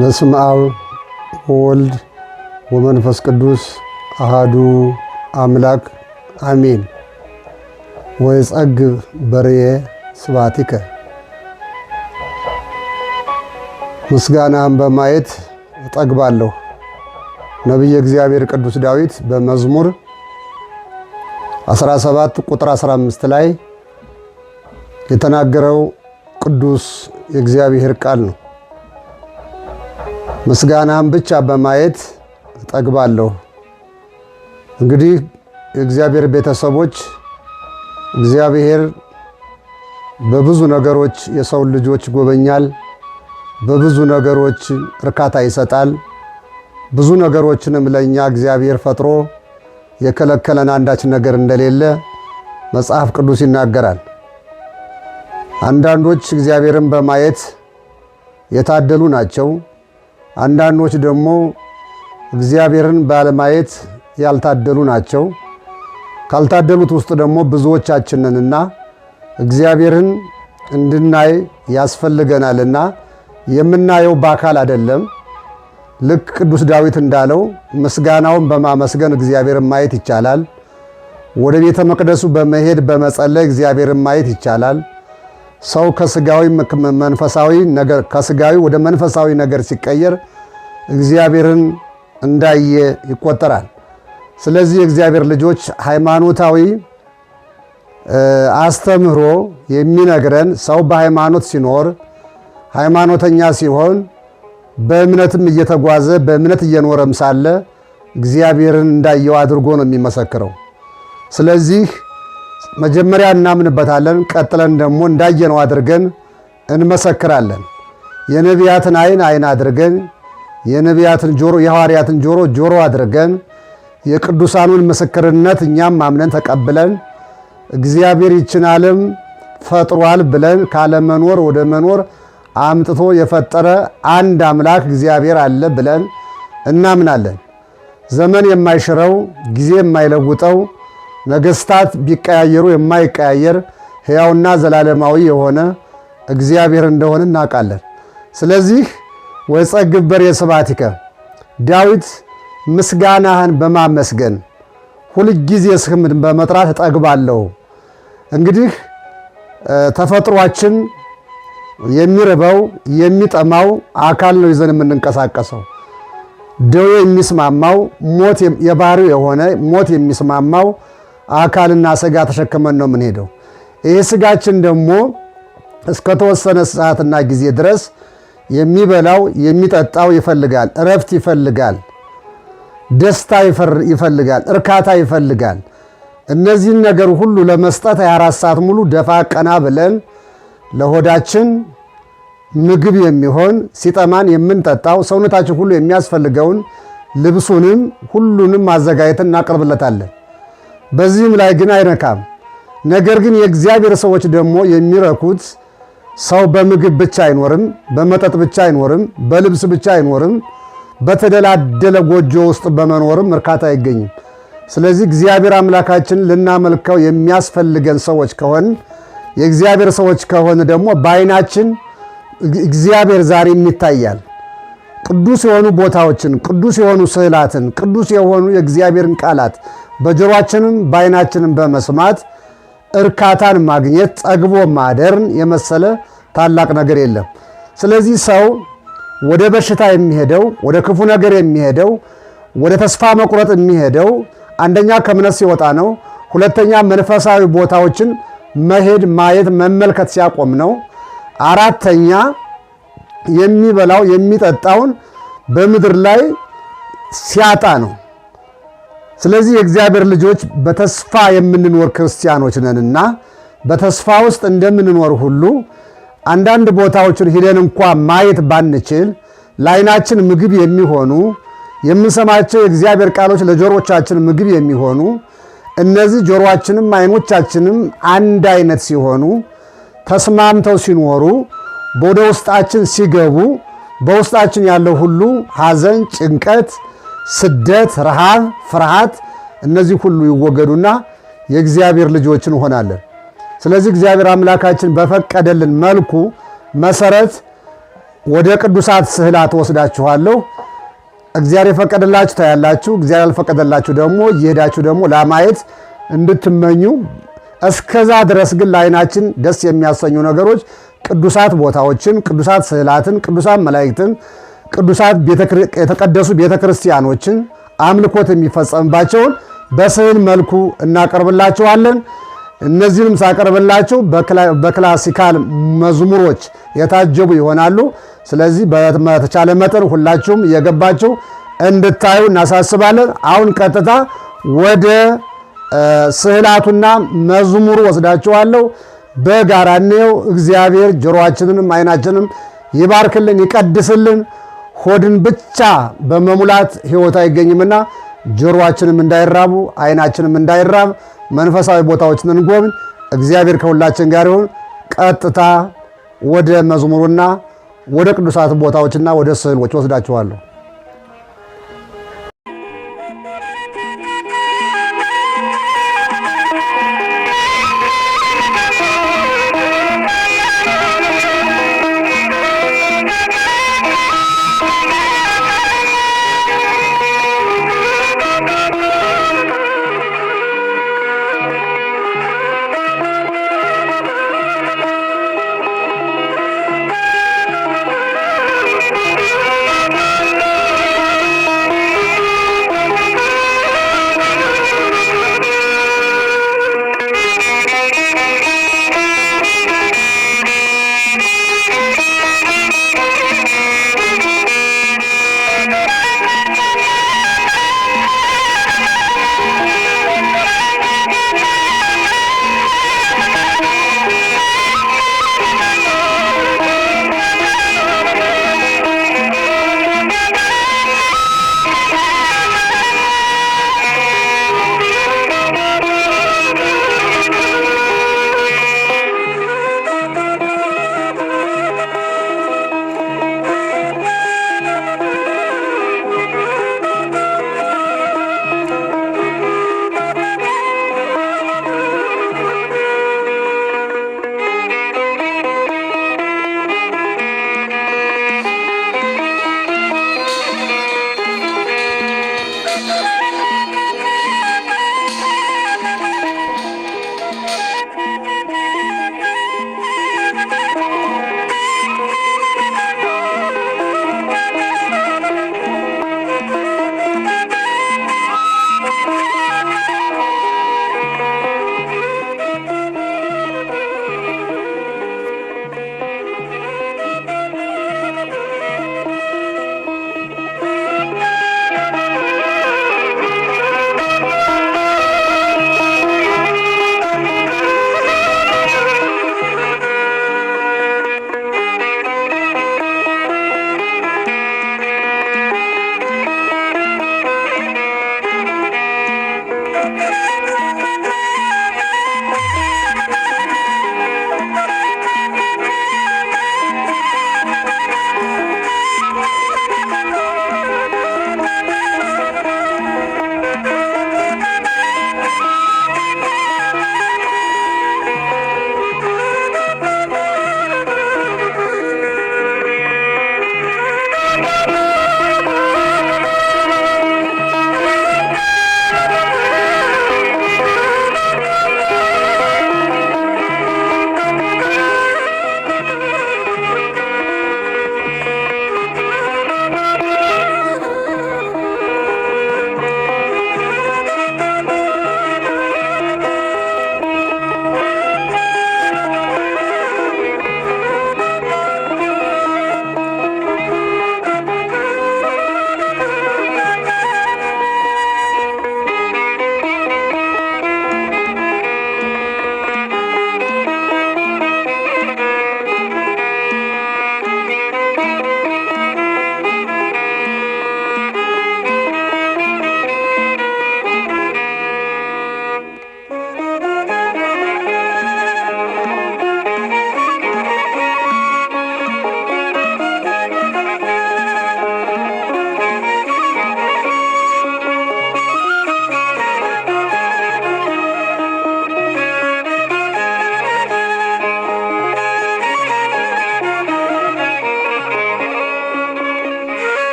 በስም አብ ወወልድ ወመንፈስ ቅዱስ አሃዱ አምላክ አሜን። ወይጸግብ በርየ ስብሐቲከ ምስጋናህን በማየት እጠግባለሁ። ነቢየ እግዚአብሔር ቅዱስ ዳዊት በመዝሙር 17 ቁጥር 15 ላይ የተናገረው ቅዱስ የእግዚአብሔር ቃል ነው። ምስጋናን ብቻ በማየት እጠግባለሁ። እንግዲህ የእግዚአብሔር ቤተሰቦች እግዚአብሔር በብዙ ነገሮች የሰው ልጆች ይጎበኛል። በብዙ ነገሮች እርካታ ይሰጣል። ብዙ ነገሮችንም ለእኛ እግዚአብሔር ፈጥሮ የከለከለን አንዳች ነገር እንደሌለ መጽሐፍ ቅዱስ ይናገራል። አንዳንዶች እግዚአብሔርን በማየት የታደሉ ናቸው። አንዳንዶች ደግሞ እግዚአብሔርን ባለማየት ያልታደሉ ናቸው። ካልታደሉት ውስጥ ደግሞ ብዙዎቻችንንና እግዚአብሔርን እንድናይ ያስፈልገናልና የምናየው በአካል አይደለም። ልክ ቅዱስ ዳዊት እንዳለው ምስጋናውን በማመስገን እግዚአብሔርን ማየት ይቻላል። ወደ ቤተ መቅደሱ በመሄድ በመጸለይ እግዚአብሔርን ማየት ይቻላል። ሰው ከስጋዊ መንፈሳዊ ነገር ከስጋዊ ወደ መንፈሳዊ ነገር ሲቀየር እግዚአብሔርን እንዳየ ይቆጠራል። ስለዚህ የእግዚአብሔር ልጆች ሃይማኖታዊ አስተምህሮ የሚነግረን ሰው በሃይማኖት ሲኖር ሃይማኖተኛ ሲሆን በእምነትም እየተጓዘ በእምነት እየኖረም ሳለ እግዚአብሔርን እንዳየው አድርጎ ነው የሚመሰክረው። ስለዚህ መጀመሪያ እናምንበታለን፣ ቀጥለን ደግሞ እንዳየነው አድርገን እንመሰክራለን። የነቢያትን አይን አይን አድርገን የነቢያትን ጆሮ የሐዋርያትን ጆሮ ጆሮ አድርገን የቅዱሳኑን ምስክርነት እኛም አምነን ተቀብለን እግዚአብሔር ይችን ዓለም ፈጥሯል ብለን ካለመኖር ወደ መኖር አምጥቶ የፈጠረ አንድ አምላክ እግዚአብሔር አለ ብለን እናምናለን። ዘመን የማይሽረው ጊዜ የማይለውጠው ነገሥታት ቢቀያየሩ የማይቀያየር ሕያውና ዘላለማዊ የሆነ እግዚአብሔር እንደሆነ እናውቃለን። ስለዚህ ወጸግበር የስብሐቲከ ዳዊት ምስጋናህን በማመስገን ሁልጊዜ ስምህን በመጥራት እጠግባለሁ። እንግዲህ ተፈጥሯችን የሚርበው የሚጠማው አካል ነው ይዘን የምንንቀሳቀሰው ደዌ የሚስማማው ሞት የባህሪው የሆነ ሞት የሚስማማው አካልና ስጋ ተሸክመን ነው የምንሄደው። ይህ ስጋችን ደግሞ እስከተወሰነ ሰዓትና ጊዜ ድረስ የሚበላው የሚጠጣው ይፈልጋል፣ እረፍት ይፈልጋል፣ ደስታ ይፈልጋል፣ እርካታ ይፈልጋል። እነዚህን ነገር ሁሉ ለመስጠት 24 ሰዓት ሙሉ ደፋ ቀና ብለን ለሆዳችን ምግብ የሚሆን ሲጠማን የምንጠጣው ሰውነታችን ሁሉ የሚያስፈልገውን ልብሱንም ሁሉንም ማዘጋጀት እናቀርብለታለን። በዚህም ላይ ግን አይረካም። ነገር ግን የእግዚአብሔር ሰዎች ደግሞ የሚረኩት ሰው በምግብ ብቻ አይኖርም፣ በመጠጥ ብቻ አይኖርም፣ በልብስ ብቻ አይኖርም፣ በተደላደለ ጎጆ ውስጥ በመኖርም እርካታ አይገኝም። ስለዚህ እግዚአብሔር አምላካችን ልናመልከው የሚያስፈልገን ሰዎች ከሆን የእግዚአብሔር ሰዎች ከሆን ደግሞ በአይናችን እግዚአብሔር ዛሬም ይታያል። ቅዱስ የሆኑ ቦታዎችን፣ ቅዱስ የሆኑ ስዕላትን፣ ቅዱስ የሆኑ የእግዚአብሔርን ቃላት በጆሮአችንም በአይናችንም በመስማት እርካታን ማግኘት ጠግቦ ማደርን የመሰለ ታላቅ ነገር የለም። ስለዚህ ሰው ወደ በሽታ የሚሄደው ወደ ክፉ ነገር የሚሄደው ወደ ተስፋ መቁረጥ የሚሄደው አንደኛ ከእምነት ሲወጣ ነው። ሁለተኛ መንፈሳዊ ቦታዎችን መሄድ፣ ማየት፣ መመልከት ሲያቆም ነው። አራተኛ የሚበላው የሚጠጣውን በምድር ላይ ሲያጣ ነው። ስለዚህ የእግዚአብሔር ልጆች በተስፋ የምንኖር ክርስቲያኖች ነንና በተስፋ ውስጥ እንደምንኖር ሁሉ አንዳንድ ቦታዎችን ሂደን እንኳ ማየት ባንችል ለዓይናችን ምግብ የሚሆኑ የምንሰማቸው የእግዚአብሔር ቃሎች ለጆሮቻችን ምግብ የሚሆኑ እነዚህ ጆሮአችንም አይኖቻችንም አንድ አይነት ሲሆኑ ተስማምተው ሲኖሩ ወደ ውስጣችን ሲገቡ በውስጣችን ያለው ሁሉ ሐዘን፣ ጭንቀት ስደት፣ ረሃብ፣ ፍርሃት እነዚህ ሁሉ ይወገዱና የእግዚአብሔር ልጆች እንሆናለን። ስለዚህ እግዚአብሔር አምላካችን በፈቀደልን መልኩ መሰረት ወደ ቅዱሳት ስዕላት ወስዳችኋለሁ። እግዚአብሔር የፈቀደላችሁ ታያላችሁ፣ እግዚአብሔር ያልፈቀደላችሁ ደግሞ እየሄዳችሁ ደግሞ ለማየት እንድትመኙ። እስከዛ ድረስ ግን ለአይናችን ደስ የሚያሰኙ ነገሮች ቅዱሳት ቦታዎችን፣ ቅዱሳት ስዕላትን፣ ቅዱሳት መላእክትን ቅዱሳት የተቀደሱ ቤተ ክርስቲያኖችን አምልኮት የሚፈጸምባቸውን በስዕል መልኩ እናቀርብላቸዋለን። እነዚህንም ሳቀርብላቸው በክላሲካል መዝሙሮች የታጀቡ ይሆናሉ። ስለዚህ በተቻለ መጠን ሁላችሁም እየገባችሁ እንድታዩ እናሳስባለን። አሁን ቀጥታ ወደ ስዕላቱና መዝሙሩ ወስዳችኋለሁ። በጋራ እንየው። እግዚአብሔር ጆሮአችንንም አይናችንም ይባርክልን፣ ይቀድስልን። ሆድን ብቻ በመሙላት አይገኝም አይገኝምና ጆሮአችንም እንዳይራቡ አይናችንም እንዳይራብ መንፈሳዊ ቦታዎችን እንጎብኝ። እግዚአብሔር ከሁላችን ጋር ይሁን። ቀጥታ ወደ መዝሙሩና ወደ ቅዱሳት ቦታዎችና ወደ ስዕሎች ወስዳችኋለሁ።